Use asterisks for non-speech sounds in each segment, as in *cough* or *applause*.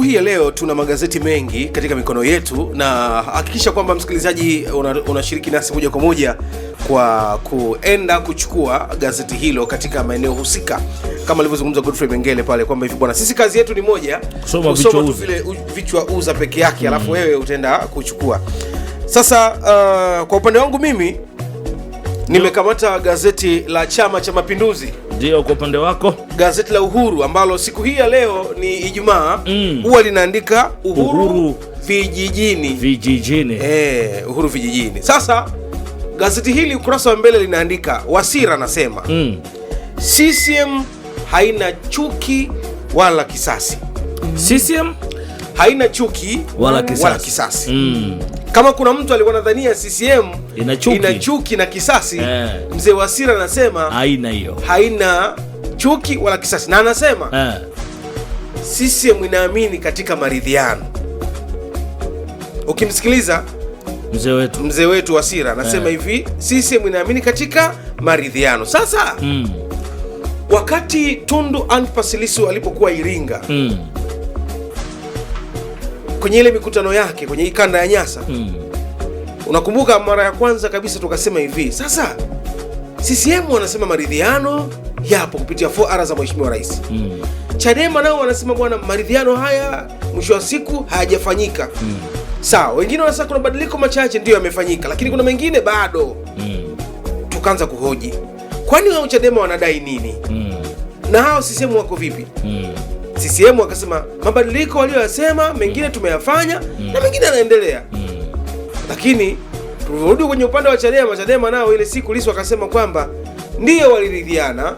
Hii ya leo tuna magazeti mengi katika mikono yetu, na hakikisha kwamba msikilizaji unashiriki una nasi moja kwa moja kwa kuenda kuchukua gazeti hilo katika maeneo husika, kama alivyozungumza Godfrey Mengele pale kwamba hivi bwana, sisi kazi yetu ni moja, kusoma tu vile vichwa uza peke yake, alafu mm, wewe utaenda kuchukua. Sasa uh, kwa upande wangu mimi Nimekamata gazeti la Chama cha Mapinduzi. Ndio, kwa upande wako gazeti la Uhuru ambalo siku hii ya leo ni Ijumaa mm. huwa mm. linaandika Uhuru, Uhuru vijijini vijijini. Eh, Uhuru vijijini. Sasa gazeti hili ukurasa wa mbele linaandika Wasira anasema mm. CCM haina chuki wala kisasi. mm. CCM haina chuki wala kisasi, wala kisasi. Mm. Kama kuna mtu alikuwa nadhania CCM ina chuki na kisasi eh, mzee Wasira anasema haina hiyo, haina chuki wala kisasi, na anasema eh, CCM inaamini katika maridhiano. Ukimsikiliza mzee wetu, mzee wetu Wasira anasema eh, hivi CCM inaamini katika maridhiano. Sasa mm, wakati Tundu Antipas Lissu alipokuwa Iringa mm kwenye ile mikutano yake kwenye hii kanda ya Nyasa mm. Unakumbuka mara ya kwanza kabisa tukasema hivi, sasa CCM wanasema maridhiano yapo kupitia 4R za mheshimiwa rais mm. Chadema nao wanasema bwana, maridhiano haya mwisho wa siku hayajafanyika mm. Sawa, wengine wanasema kuna mabadiliko machache ndiyo yamefanyika, lakini kuna mengine bado mm. Tukaanza kuhoji, kwani wao Chadema wanadai nini mm. na hao CCM wako vipi mm. CCM wakasema mabadiliko walioyasema mengine tumeyafanya mm. na mengine yanaendelea mm. Lakini tulivyorudi kwenye upande wa Chadema, Chadema nao ile siku Lissu wakasema kwamba ndiyo waliridhiana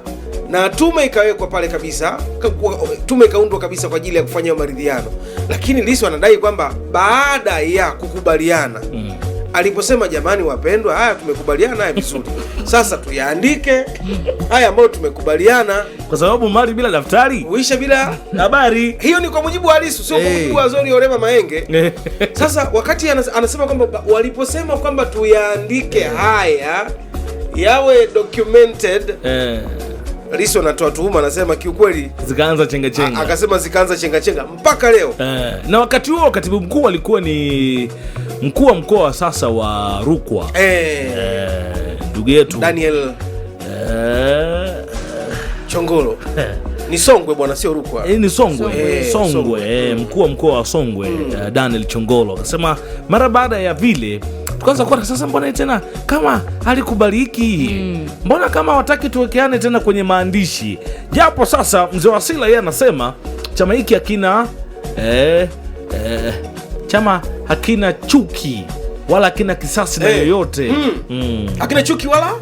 na tume ikawekwa pale kabisa, tume ikaundwa kabisa kwa ajili ya kufanya maridhiano, lakini Lissu anadai kwamba baada ya kukubaliana mm aliposema jamani, wapendwa, haya tumekubaliana haya vizuri, sasa tuyaandike haya ambayo tumekubaliana, kwa sababu mali bila daftari uisha bila habari. Hiyo ni kwa mujibu wa Lissu, sio hey, kwa eh. mujibu wa Zori Orema Maenge. *laughs* Sasa wakati anasema kwamba waliposema kwamba tuyaandike haya yawe documented eh. Lissu anatoa tuhuma, anasema kiukweli zikaanza chenga chenga, akasema zikaanza chenga chenga mpaka leo eh. Na wakati huo katibu mkuu alikuwa ni mkuu wa mkoa sasa wa Rukwa eh, eh, yetu Daniel eh, Chongolo *laughs* ni Songwe bwana, sio Rukwa e, ni Songwe Songwe, eh, Songwe. Songwe. Songwe. Eh, mkuu wa mkoa wa Songwe mm. Daniel Chongolo akasema mara baada ya vile tukaanza kuona sasa, mbona tena kama halikubaliki mm. mbona kama wataki tuwekeane tena kwenye maandishi, japo sasa mzee Wasila yeye anasema chama hiki hakina eh, eh, chama hakina chuki wala hakina kisasi hey. na eh. yoyote mm. mm. hakina chuki wala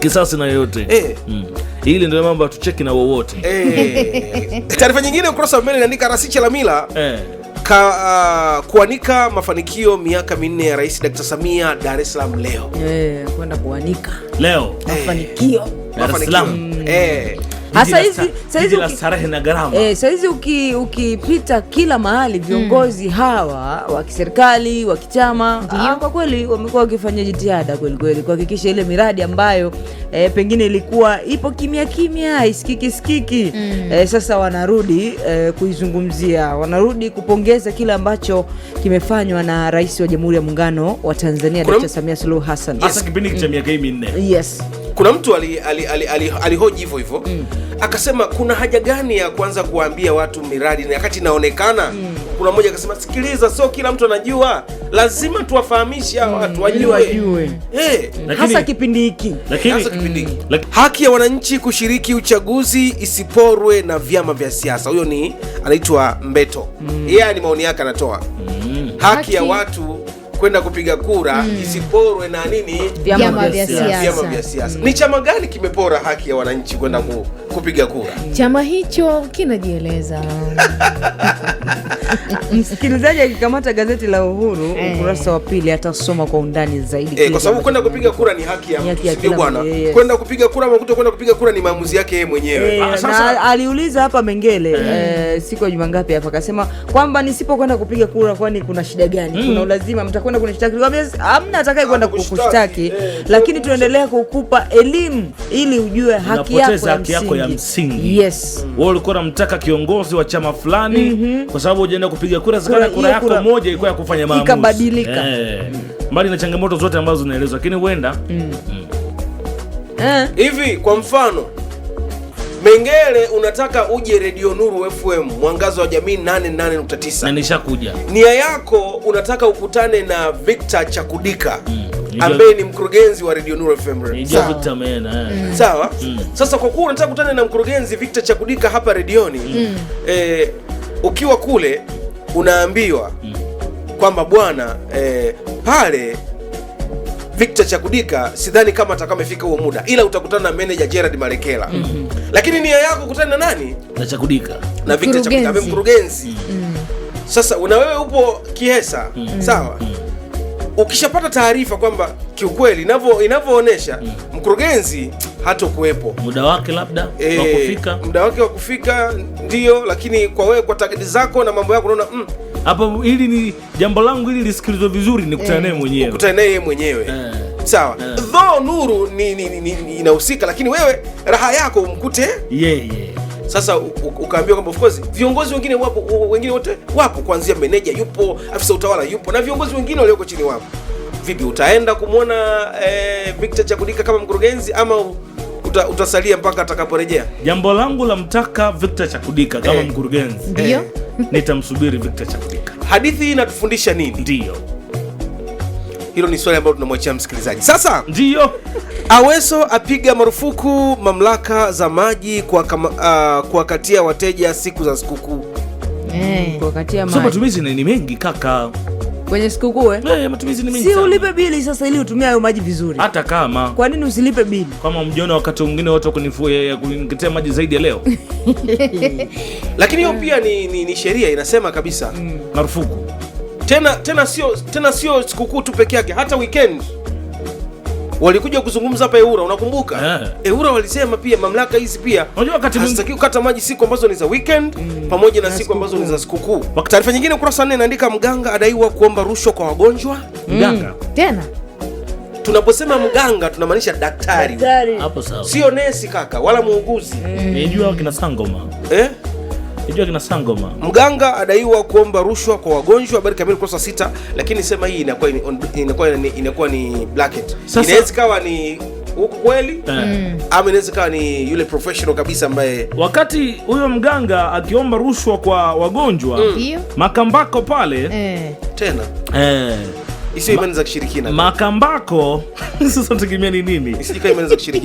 kisasi na yoyote hey. Eh. mm. Hili ndio mambo tucheki na wowote hey. Eh. *laughs* Taarifa nyingine ukurasa wa mbele inaandika Rasiche Lamila hey. Ka, uh, kuanika mafanikio miaka minne ya Rais Dr. Samia Dar es Salaam leo. Eh, kwenda kuanika. Leo. Eh. Mafanikio. Dar es Saizi eh, ukipita kila mahali hmm. viongozi mm. hawa wa kiserikali wa kichama ah, kwa kweli wamekuwa wakifanya jitihada kwelikweli kuhakikisha ile miradi ambayo e, pengine ilikuwa ipo kimya kimya isikiki sikiki mm. e, sasa wanarudi e, kuizungumzia, wanarudi kupongeza kile ambacho kimefanywa na Rais wa Jamhuri ya Muungano wa Tanzania dr Samia Suluhu Hassan. Yes kuna mtu alihoji ali, ali, ali, ali hivyo hivyo mm. Akasema kuna haja gani ya kuanza kuwaambia watu miradi na wakati inaonekana mm. Kuna mmoja akasema sikiliza, sio kila mtu anajua, lazima tuwafahamishe hawa watu mm, wajue Hasa kipindi hiki mm, Haki ya wananchi kushiriki uchaguzi isiporwe na vyama vya siasa. Huyo ni anaitwa Mbeto mm. Yeye yeah, ni maoni yake anatoa mm. haki, haki ya watu kwenda kupiga kura mm. isiporwe na nini vyama vya siasa. Ni chama gani kimepora haki ya wananchi kwenda ku kupiga kura. Chama hicho kinajieleza. *laughs* Msikilizaji akikamata gazeti la Uhuru eh. ukurasa wa pili atasoma kwa undani zaidi eh, kwa sababu kwenda kupiga kura ni haki ya mtu bwana. Kwenda kupiga kura au kwenda kupiga kura ni maamuzi yake yeye mwenyewe. Eh, ah, sasa aliuliza hapa Mengele mm. eh, siku ya ngapi hapa akasema kwamba nisipokwenda kupiga kura kwani kuna shida gani? Mm. Kuna ulazima mtakwenda kunishtaki. Hamna atakaye kwenda kukushtaki, eh, lakini tunaendelea kukupa elimu ili ujue haki yako ya msingi ya msingi. Yes. Wewe ulikuwa unamtaka kiongozi wa chama fulani mm -hmm. kwa sababu ujaenda kupiga kura, zikana kura yako kura... moja ilikuwa ya kufanya maamuzi. Ikabadilika. Eh. Mbali na changamoto zote ambazo zinaelezwa, lakini huenda mm. mm. hivi kwa mfano Mengele unataka uje Redio Nuru FM mwangazo wa jamii 88.9. Na nishakuja. Nia yako unataka ukutane na Victor Chakudika mm ambaye ni mkurugenzi wa Radio Nuru FM. Sawa. Eh. Mm. Mm. Sasa kwa kuwa unataka kutana na mkurugenzi Victor Chakudika hapa redioni mm. eh, ukiwa kule unaambiwa mm. kwamba bwana eh, pale Victor Chakudika sidhani kama atakuwa amefika huo muda, ila utakutana na meneja Gerard Marekela mm -hmm. Lakini nia yako kukutana na nani? Na Chakudika na Victor Chakudika mkurugenzi mm. Sasa una wewe upo Kihesa mm. sawa mm ukishapata taarifa kwamba kiukweli inavyo inavyoonyesha mm. mkurugenzi hata kuwepo muda wake labda e, wa eh, kufika muda wake wa kufika ndio, lakini kwa wewe kwa takidi zako na mambo yako unaona mm. hapa hili ni jambo langu hili lisikilizwe vizuri, nikutane naye eh. mwenyewe ukutane naye mwenyewe eh. Sawa eh. Dho Nuru ni, ni, ni, ni, inahusika, lakini wewe raha yako umkute yeye yeah, yeah. Sasa ukaambiwa kwamba of course viongozi wengine wapo, wengine wote wapo, kuanzia meneja yupo, afisa utawala yupo, na viongozi wengine walioko chini wapo. Vipi utaenda kumwona eh, Victor Chakudika kama mkurugenzi ama uta, utasalia mpaka atakaporejea? Jambo langu la mtaka Victor Chakudika kama eh, mkurugenzi ndio eh, nitamsubiri Victor Chakudika. Hadithi hii inatufundisha nini? Ndio hilo ni swali ambalo tunamwachia msikilizaji. Sasa ndio Aweso apiga marufuku mamlaka za maji ah, kuwakatia uh, wateja siku za sikukuu. Hey, eh, so matumizi ni mengi kaka kwenye sikukuu eh, eh matumizi ni mengi. Si ulipe bili sasa ili utumie hayo maji vizuri. Hata kama kwa nini usilipe bili? Kama mjiona wakati mwingine watu wakuniketea eh, maji zaidi ya leo *laughs* lakini hiyo pia ni, ni, ni sheria inasema kabisa mm. marufuku tena tena sio tena sio sikukuu tu peke yake, hata weekend walikuja kuzungumza hapa Eura, unakumbuka? Yeah. Eura walisema pia mamlaka hizi pia hazitakiwi kukata maji siku ambazo ni za weekend mm, pamoja na siku ambazo ni za sikukuu. Taarifa nyingine ukurasa nne inaandika mganga adaiwa kuomba rushwa kwa wagonjwa. Mm. Mganga mm. tena tunaposema mganga tunamaanisha daktari, daktari. Sio nesi kaka, wala muuguzi. Unajua eh, kina Sangoma. Eh? Sijua kina Sangoma. Mganga adaiwa kuomba rushwa kwa wagonjwa, habari kamili kurasa sita. Lakini sema hii inakuwa inakuwa inakuwa ni blanket, inaweza kawa ni huko kweli eh. mm, ama inaweza kawa ni yule professional kabisa ambaye wakati huyo mganga akiomba rushwa kwa wagonjwa mm, Makambako pale eh, tena eh Isiyo imani za kishirikina. Makambako *laughs* sasa tegemea ni nini?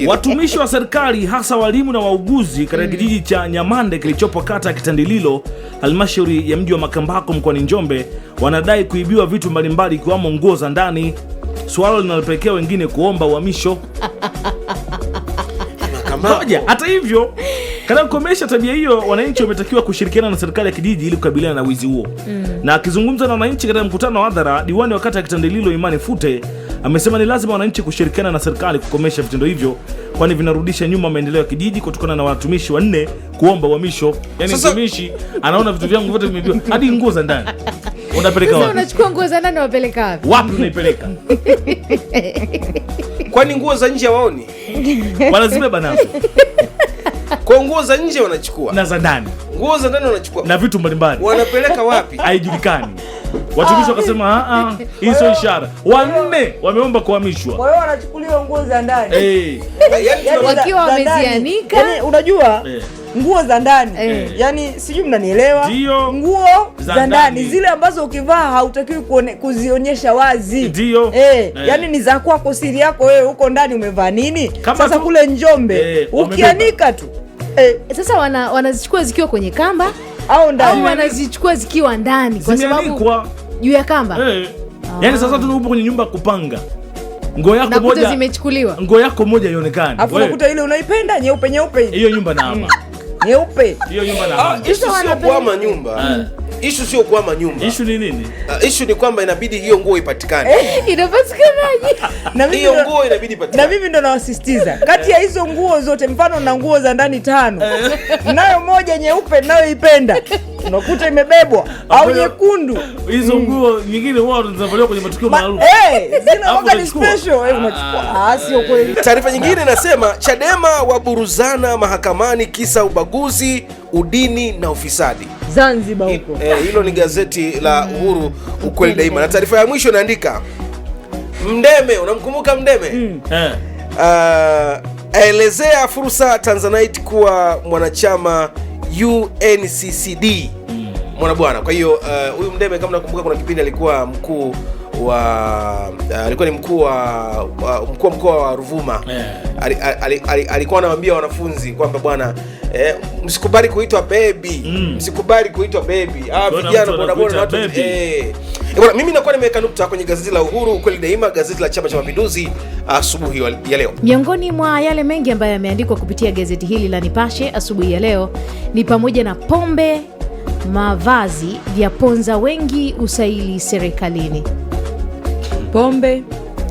Watumishi wa serikali hasa walimu na wauguzi katika mm. kijiji cha Nyamande kilichopo kata ya Kitandililo, halmashauri ya mji wa Makambako mkoani Njombe, wanadai kuibiwa vitu mbalimbali ikiwamo nguo za ndani, swala linalopelekea wengine kuomba uhamisho. hata hivyo katika kukomesha tabia hiyo, wananchi wametakiwa kushirikiana na serikali ya kijiji ili kukabiliana na wizi huo. Mm. Na akizungumza na wananchi katika mkutano wa hadhara, diwani wa kata ya Kitandililo Imani Fute amesema ni lazima wananchi kushirikiana na serikali kukomesha vitendo hivyo kwani vinarudisha nyuma maendeleo ya kijiji kutokana na watumishi wanne kuomba uhamisho. Yaani mtumishi anaona vitu vyangu vyote vimeibiwa hadi nguo za ndani. Unapeleka wapi? Unachukua nguo za ndani unapeleka wapi? Wapi unaipeleka? *laughs* Kwani nguo za nje waoni? wanazime nazo. *laughs* Kwa nguo za nje wanachukua na za ndani, nguo za ndani wanachukua na vitu mbalimbali, wanapeleka wapi *laughs* haijulikani. Watumishi wakasema ah, ah, ah. hii sio ishara, wanne wameomba kuhamishwa. Kwa hiyo wanachukuliwa nguo za ndani wakiwa wamezianika, unajua hey nguo za ndani eh. Yani sijui mnanielewa, nguo za ndani zile ambazo ukivaa hautakiwi kuzionyesha wazi ndio eh. Eh. Yani ni za kwako, siri yako wewe, huko ndani umevaa nini? Kama sasa tu... kule Njombe eh, ukianika tu eh. Sasa wana, wanazichukua zikiwa kwenye kamba au ndani, au wanazichukua zikiwa ndani kwa sababu juu ya kamba eh. Yani sasa tu upo kwenye nyumba kupanga nguo yako moja zimechukuliwa, nguo yako moja ionekane, afu unakuta ile unaipenda nyeupe nyeupe, hiyo nyumba na ama mm nyeupe. Hiyo nyumba la ah, ishu sio kuama nyumba. Eh. Ishu sio kuama nyumba. Ishu ni nini? Ah, ishu ni kwamba inabidi hiyo nguo ipatikane. Eh, inapatikanaje? Na mimi hiyo nguo inabidi ipatikane. Na mimi ndo nawasisitiza. Kati ya hizo nguo zote, mfano na nguo za ndani tano, eh. nayo moja nyeupe nayo ipenda unakuta imebebwa au nyekundu. Hizo mm. nguo nyingine huwa zinavaliwa kwenye matukio maalum, sio kweli. Taarifa nyingine inasema Chadema waburuzana mahakamani kisa ubaguzi, udini na ufisadi Zanzibar huko. Eh, hilo ni gazeti la mm. Uhuru ukweli mm. daima, na taarifa ya mwisho inaandika Mdeme, unamkumbuka Mdeme? mm. uh, aelezea fursa Tanzanite kuwa mwanachama UNCCD Mwana bwana. Kwa hiyo eh, huyu uh, Mdeme kama nakumbuka, kuna kipindi alikuwa mkuu wa uh, alikuwa ni mkuu wa mkuu mkoa wa Ruvuma yeah. al, al, al, alikuwa anawaambia wanafunzi kwamba bwana eh, msikubali kuitwa baby mm. msikubali kuitwa baby ah, vijana bwana na watu eh bwana, mimi nakuwa nimeweka nukta kwenye gazeti la Uhuru, ukweli daima, gazeti la Chama cha Mapinduzi asubuhi ya leo. Miongoni mwa yale mengi ambayo yameandikwa kupitia gazeti hili la Nipashe asubuhi ya leo ni pamoja na pombe mavazi vya ponza wengi usaili serikalini. Pombe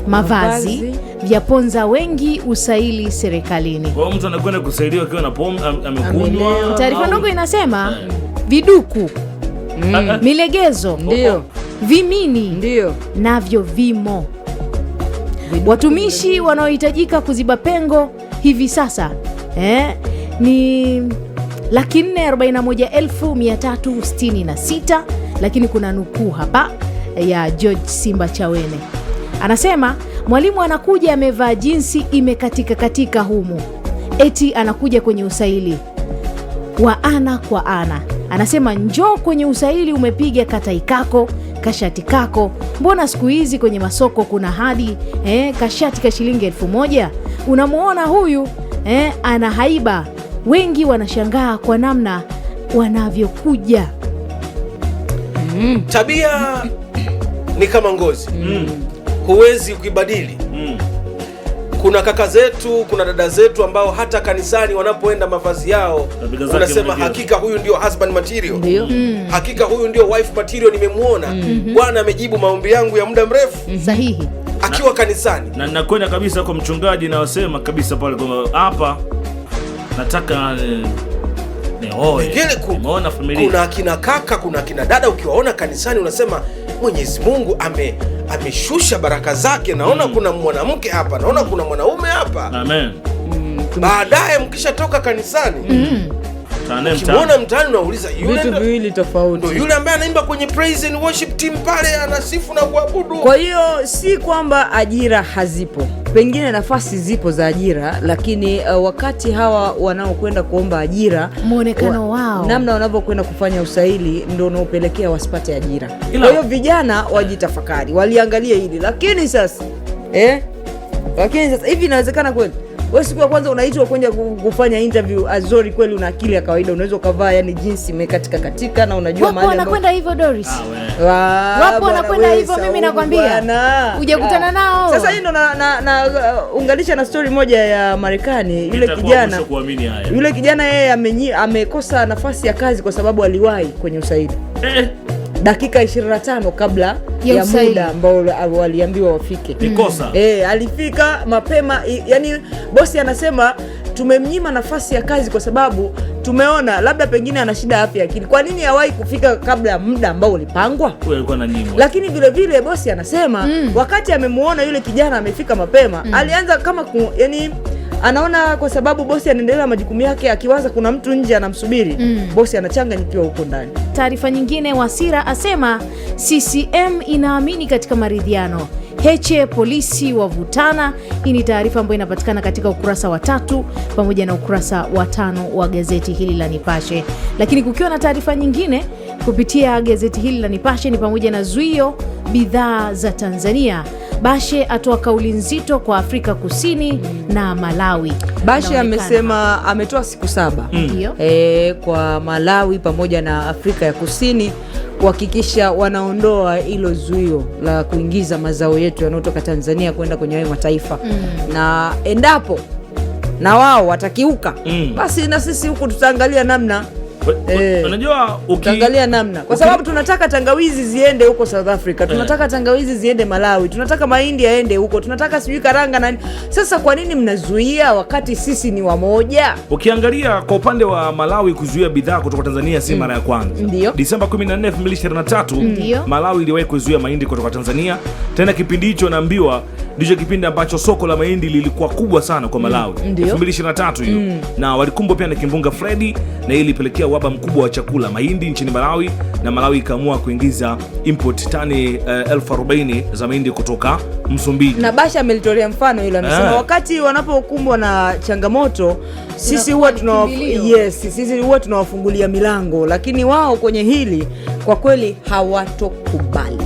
mavazi, vya ponza wengi usaili serikalini. Kwa mtu anakwenda kusaidia akiwa na pombe amekunywa. Taarifa ndogo inasema mm. viduku mm. mm, milegezo ndio, vimini ndio navyo vimo. Watumishi wanaohitajika kuziba pengo hivi sasa eh, ni laki 441,366. Lakini kuna nukuu hapa eh, ya George Simba Chawene anasema, mwalimu anakuja amevaa jinsi imekatika katika humu, eti anakuja kwenye usaili wa ana kwa ana. Anasema njoo kwenye usaili, umepiga kataikako kashati kako. Mbona siku hizi kwenye masoko kuna hadi eh, kashati ka shilingi elfu moja. Unamwona huyu eh, ana haiba wengi wanashangaa kwa namna wanavyokuja. mm. Tabia mm. ni kama ngozi, mm. mm. huwezi kuibadili. mm. Kuna kaka zetu, kuna dada zetu ambao hata kanisani wanapoenda mavazi yao wanasema hakika huyu ndio husband material. mm. hakika huyu ndio wife material, nimemwona. mm -hmm. Bwana amejibu maombi yangu ya muda mrefu. Mm-hmm. Sahihi. Akiwa kanisani na nakwenda kabisa kwa mchungaji nawasema kabisa pale kwamba hapa nataka eh, nimeona familia. Kuna akina kaka, kuna akina dada, ukiwaona kanisani unasema Mwenyezi Mungu ame ameshusha baraka zake. Naona mm. kuna mwanamke hapa, naona kuna mwanaume hapa. Amen. Mm, baadaye mkishatoka kanisani mm ukimuona mtaani unauliza vitu viwili tofauti. Yule ambaye anaimba kwenye praise and worship team pale anasifu na kuabudu. Kwa hiyo si kwamba ajira hazipo, pengine nafasi zipo za ajira, lakini uh, wakati hawa wanaokwenda kuomba ajira muonekano wa, wao namna wanavyokwenda kufanya usaili ndio unaopelekea wasipate ajira. Kwa hiyo vijana wajitafakari, waliangalie hili, lakini sasa eh, lakini sasa hivi inawezekana kweli We siku ya kwanza unaitwa kwenda kufanya interview, Azori ah, kweli una akili ya kawaida, unaweza ukavaa yani jinsi imekatika katika na unajua mahali ambapo wanakwenda hivyo Doris, ah, wapo wanakwenda hivyo, mimi nakwambia ujakutana ah. nao. Sasa hii ndo na, na, na uh, unganisha na story moja ya Marekani, yule kijana yule kijana yeye amekosa nafasi ya kazi kwa sababu aliwahi kwenye usaili eh, dakika 25 kabla ya, muda ambao waliambiwa wafike. Nikosa. Eh, alifika mapema, yani bosi anasema tumemnyima nafasi ya kazi kwa sababu tumeona labda pengine ana shida afya akili. Kwa nini hawahi kufika kabla ya muda ambao ulipangwa? Lakini vile vile bosi anasema mm, wakati amemwona yule kijana amefika mapema mm, alianza kama ku, yani anaona kwa sababu bosi anaendelea majukumu yake, akiwaza kuna mtu nje anamsubiri mm. bosi anachanganyikiwa huko ndani. Taarifa nyingine, Wasira asema CCM inaamini katika maridhiano. Heche polisi wavutana. Hii ni taarifa ambayo inapatikana katika ukurasa wa tatu pamoja na ukurasa wa tano wa gazeti hili la Nipashe, lakini kukiwa na taarifa nyingine kupitia gazeti hili la Nipashe ni pamoja na zuio bidhaa za Tanzania Bashe atoa kauli nzito kwa Afrika Kusini na Malawi. Bashe amesema ametoa siku saba mm. e, kwa Malawi pamoja na Afrika ya Kusini kuhakikisha wanaondoa hilo zuio la kuingiza mazao yetu yanayotoka Tanzania kwenda kwenye hayo mataifa mm. na endapo na wao watakiuka mm. basi na sisi huku tutaangalia namna Eh, unajua namna kwa sababu tunataka tangawizi ziende huko South Africa, eh. tunataka eh, tangawizi ziende Malawi, tunataka mahindi yaende huko, tunataka sijui karanga nani. sasa. Kwa nini mnazuia wakati sisi ni wamoja? Ukiangalia kwa upande wa Malawi, kuzuia bidhaa kutoka Tanzania si mm. mara mm, ya kwanza. Ndio Disemba 14, 2023 Malawi iliwahi kuzuia mahindi kutoka Tanzania. Tena kipindi hicho naambiwa ndicho kipindi ambacho soko la mahindi lilikuwa kubwa sana kwa mm. Malawi 2023 hiyo, mm. na walikumbwa pia na kimbunga Freddy na ilipelekea uhaba mkubwa wa chakula mahindi nchini Malawi, na Malawi ikaamua kuingiza import tani eh, elfu arobaini za mahindi kutoka Msumbiji. Na Basha amelitolea mfano hilo, amesema eh. wakati wanapokumbwa na changamoto sisi huwa tuna yes, sisi huwa tunawafungulia milango, lakini wao kwenye hili kwa kweli hawatokubali.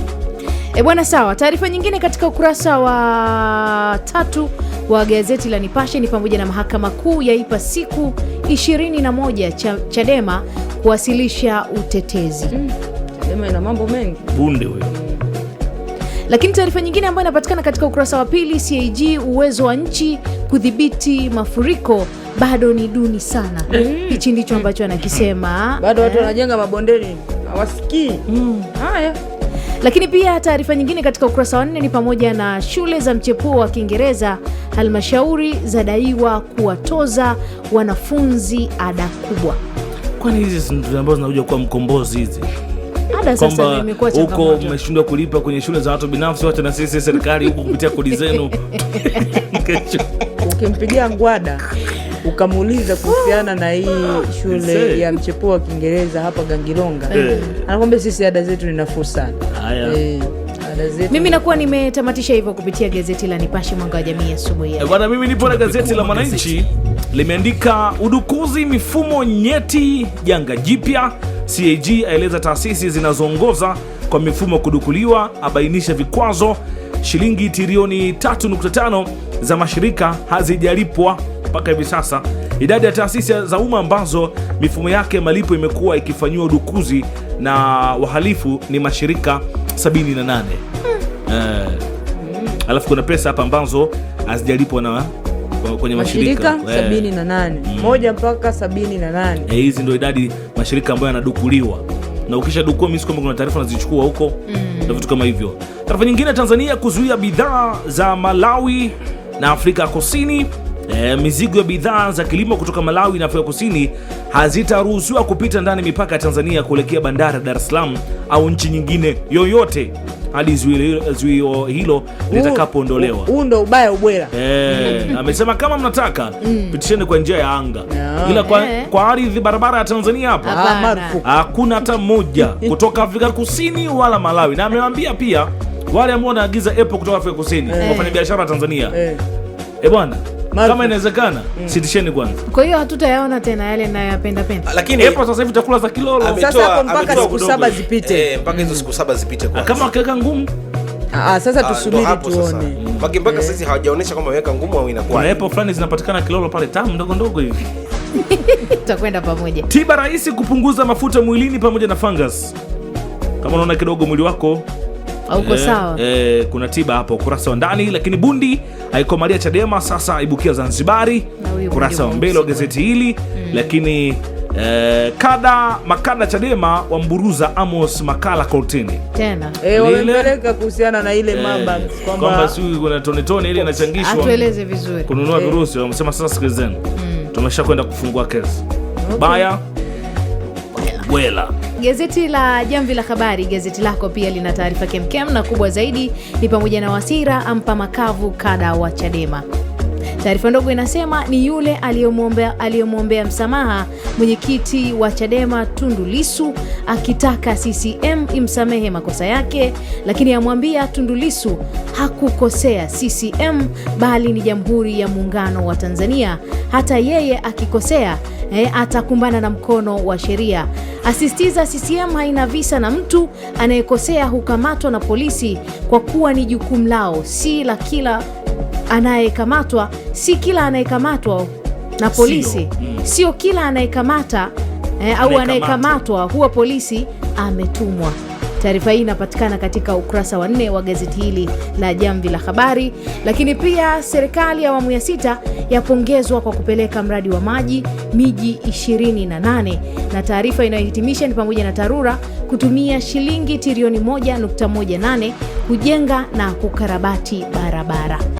E bwana, sawa. Taarifa nyingine katika ukurasa wa tatu wa gazeti la Nipashe ni pamoja na mahakama kuu yaipa siku 21 cha, Chadema kuwasilisha utetezi. Mm, Chadema ina mambo mengi. Bunde wewe. Lakini taarifa nyingine ambayo inapatikana katika ukurasa wa pili, CAG uwezo wa nchi kudhibiti mafuriko bado ni duni sana. Mm. Hichi mm, ndicho ambacho anakisema. Bado watu eh? wanajenga mabondeni hawasikii. Mm. Haya. Lakini pia taarifa nyingine katika ukurasa wa nne ni pamoja na shule za mchepuo wa Kiingereza halmashauri zadaiwa kuwatoza wanafunzi ada kubwa. Kwani hizi ndio ambazo zinakuja kuwa mkombozi hizi kwamba huko mmeshindwa kulipa kwenye shule za watu binafsi, wacha na sisi serikali huku kupitia kodi zenu. Ukimpigia ngwada *laughs* ukamuuliza kuhusiana na hii shule ya mchepuo wa Kiingereza hapa Gangilonga, eh. anakuambia sisi ada zetu ni nafuu sana. Haya. Eh, mimi nakuwa nimetamatisha hivyo kupitia gazeti la Nipashe mwanga wa jamii asubuhi ya eh, bwana. Mimi nipo na gazeti la Mwananchi limeandika udukuzi mifumo nyeti, janga jipya. CAG aeleza taasisi zinazoongoza kwa mifumo kudukuliwa, abainisha vikwazo. Shilingi trilioni 3.5 za mashirika hazijalipwa mpaka hivi sasa idadi ya taasisi za umma ambazo mifumo yake ya malipo imekuwa ikifanyiwa udukuzi na wahalifu ni mashirika 78. Hmm. Eh, alafu kuna pesa hapa ambazo hazijalipwa na kwenye mashirika 78 eh. hmm. moja mpaka 78. Eh, hizi ndio idadi mashirika ambayo yanadukuliwa na ukisha dukua mimi kuna taarifa nazichukua huko mm, na vitu kama hivyo. Taarifa nyingine, Tanzania kuzuia bidhaa za Malawi na Afrika Kusini e, mizigo ya bidhaa za kilimo kutoka Malawi na Afrika Kusini hazitaruhusiwa kupita ndani mipaka ya Tanzania kuelekea bandari ya Dar es Salaam au nchi nyingine yoyote hadi zuio hilo litakapoondolewa. Huu ndo ubaya ubwela. E, *laughs* amesema kama mnataka mm, pitisheni kwa njia ya anga no. Ila kwa, e, kwa ardhi barabara ya Tanzania hapa ah, hakuna hata mmoja *laughs* kutoka Afrika Kusini wala Malawi, na amewambia pia wale ambao wanaagiza epo kutoka Afrika Kusini, wafanya biashara wa Tanzania, e bwana kama inawezekana mm. sitisheni kwanza. Kwa hiyo hatutayaona tena yale nayapenda penda, ah, lakini hapo sasa hivi chakula za kilolo sasa hapo mpaka siku saba zipite, Eh, mpaka hizo siku saba zipite ah, kwanza. Kama akiweka ngumu Ah, ah sasa tusubiri tuone. Mm. Mpaka mpaka eh. sasa hawajaonesha kama weka ngumu au inakuwa. Na hapo fulani zinapatikana Kilolo pale tamu ndogo ndogo hivi. *laughs* Tutakwenda pamoja. Tiba rahisi kupunguza mafuta mwilini pamoja na fungus. Kama unaona kidogo mwili wako hauko eh, sawa. E, e, kuna tiba hapo kurasa wa ndani, lakini bundi haikomalia Chadema, sasa aibukia Zanzibari kurasa wa mbele wa gazeti hili mm. Lakini e, kada makada Chadema wamburuza Amos Makala kortini tena e, wamepeleka kuhusiana na ile e, mamba kwamba siku kuna tone tone ile inachangishwa, atueleze vizuri kununua virusi e. Wamesema sasa, sikilizeni mm. Tumesha kwenda kufungua kesi okay. Baya wela Gazeti la Jamvi la Habari, gazeti lako pia lina taarifa kemkem na kubwa zaidi ni pamoja na Wasira ampa makavu kada wa Chadema. Taarifa ndogo inasema ni yule aliyemwombea msamaha mwenyekiti wa Chadema Tundu akitaka CCM imsamehe makosa yake, lakini amwambia Tundu hakukosea CCM bali ni Jamhuri ya Muungano wa Tanzania. Hata yeye akikosea eh, atakumbana na mkono wa sheria. Asisitiza CCM haina visa na mtu anayekosea hukamatwa na polisi kwa kuwa ni jukumu lao, si la kila anayekamatwa si kila anayekamatwa na polisi sio, mm. sio kila anayekamata eh, au anayekamatwa huwa polisi ametumwa. Taarifa hii inapatikana katika ukurasa wa nne wa gazeti hili la Jamvi la Habari. Lakini pia serikali ya awamu ya sita yapongezwa kwa kupeleka mradi wa maji miji 28, na taarifa inayohitimisha ni pamoja na TARURA kutumia shilingi trilioni 1.18 kujenga na kukarabati barabara.